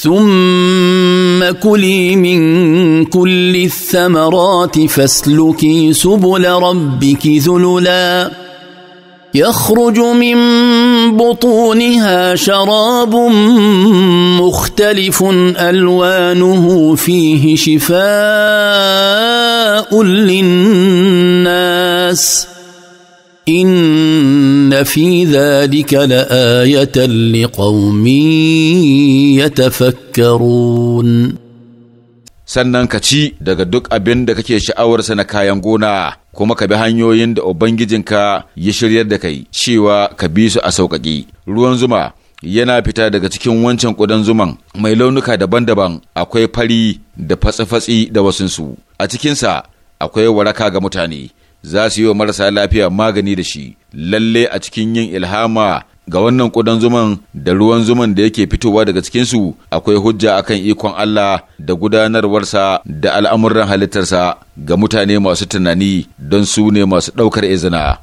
ثم كلي من كل الثمرات فاسلكي سبل ربك ذللا يخرج من بطونها شراب مختلف الوانه فيه شفاء للناس ان في ذلك لايه لقوم يتفكرون sannan ka ci daga duk abin da kake sha'awarsa na kayan gona kuma ka bi hanyoyin da ubangijinka ya shiryar da kai cewa ka bi su a sauƙaƙi ruwan zuma yana fita daga cikin wancan ƙudan zuman mai launuka daban-daban akwai fari da fatsi-fatsi da wasunsu a cikinsa akwai waraka ga mutane za su yi wa marasa lafiya magani da shi lalle a cikin yin ilhama ga wannan kudan zuman da ruwan zuman da yake fitowa daga cikinsu akwai hujja akan ikon Allah da gudanarwarsa da al'amuran halittarsa ga mutane masu tunani don su ne masu ɗaukar izina.